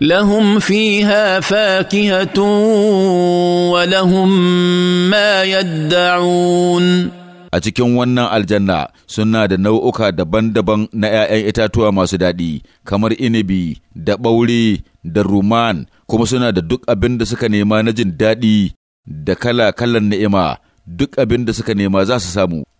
لهم فيها فاكهه ولهم ما يدعون a cikin wannan aljanna suna da nau'uka daban-daban na 'ya'yan itatuwa masu daɗi kamar inibi da ɓaure da ruman kuma suna da duk abin da suka nema na jin daɗi da kala-kalan ni'ima duk abin da suka nema za su samu